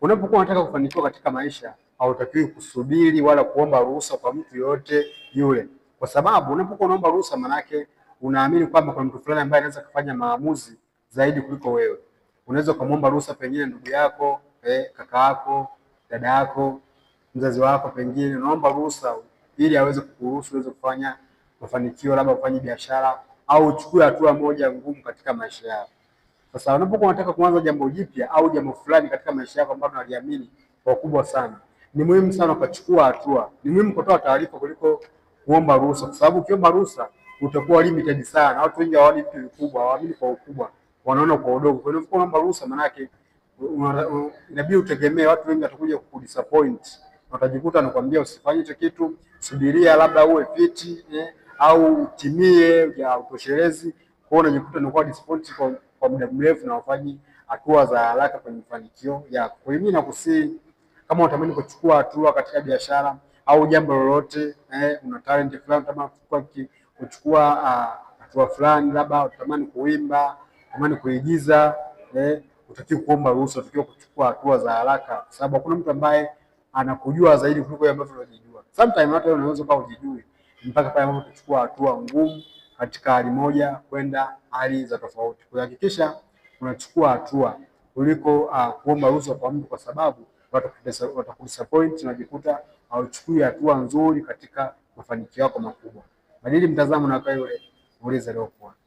Unapokuwa unataka kufanikiwa katika maisha, hautakiwi kusubiri wala kuomba ruhusa kwa mtu yoyote yule, kwa sababu unapokuwa unaomba ruhusa, manake unaamini kwamba kuna mtu fulani ambaye anaweza kufanya maamuzi zaidi kuliko wewe. Unaweza ukamwomba ruhusa pengine ndugu yako, eh, kaka yako, dada yako, mzazi wako, pengine unaomba ruhusa ili aweze kukuruhusu uweze kufanya mafanikio, labda ufanye biashara au uchukue hatua moja ngumu katika maisha yako. Sasa unapokuwa unataka kuanza jambo jipya au jambo fulani katika maisha yako ambalo unaliamini kwa kubwa sana, ni muhimu sana ukachukua hatua. Ni muhimu kutoa taarifa kuliko kuomba ruhusa, kwa sababu ukiomba ruhusa utakuwa limited sana. Watu wengi hawaamini vitu vikubwa, hawaamini kwa ukubwa, wanaona kwa udogo. Kwa hiyo unaomba ruhusa, maana yake inabidi utegemee watu wengi watakuja kukudisappoint. Watajikuta anakuambia usifanye hicho kitu, subiria labda uwe fiti eh, au utimie ya utoshelezi. Kwa hiyo unajikuta unakuwa disappointed kwa kwa muda mrefu na wafanyi hatua za haraka kwenye mafanikio yako. Kwa hiyo mimi nakusii kama unatamani kuchukua hatua katika biashara au jambo lolote eh, una talent fulani unatamani kuchukua uh, hatua fulani, labda unatamani kuimba, unatamani kuigiza eh, utakiwa kuomba ruhusa, utakiwa kuchukua hatua za haraka, sababu hakuna mtu ambaye anakujua zaidi kuliko yeye ambaye unajijua. Sometimes hata wewe unaweza kuwa hujijui mpaka pale ambapo utachukua hatua ngumu katika hali moja kwenda hali za tofauti. Kuhakikisha unachukua hatua kuliko uh, kuomba ruhusa kwa mtu, kwa sababu watakudisappoint, unajikuta hauchukui hatua nzuri katika mafanikio yako makubwa. Badili mtazamo na kaa yule, uliza leo kwa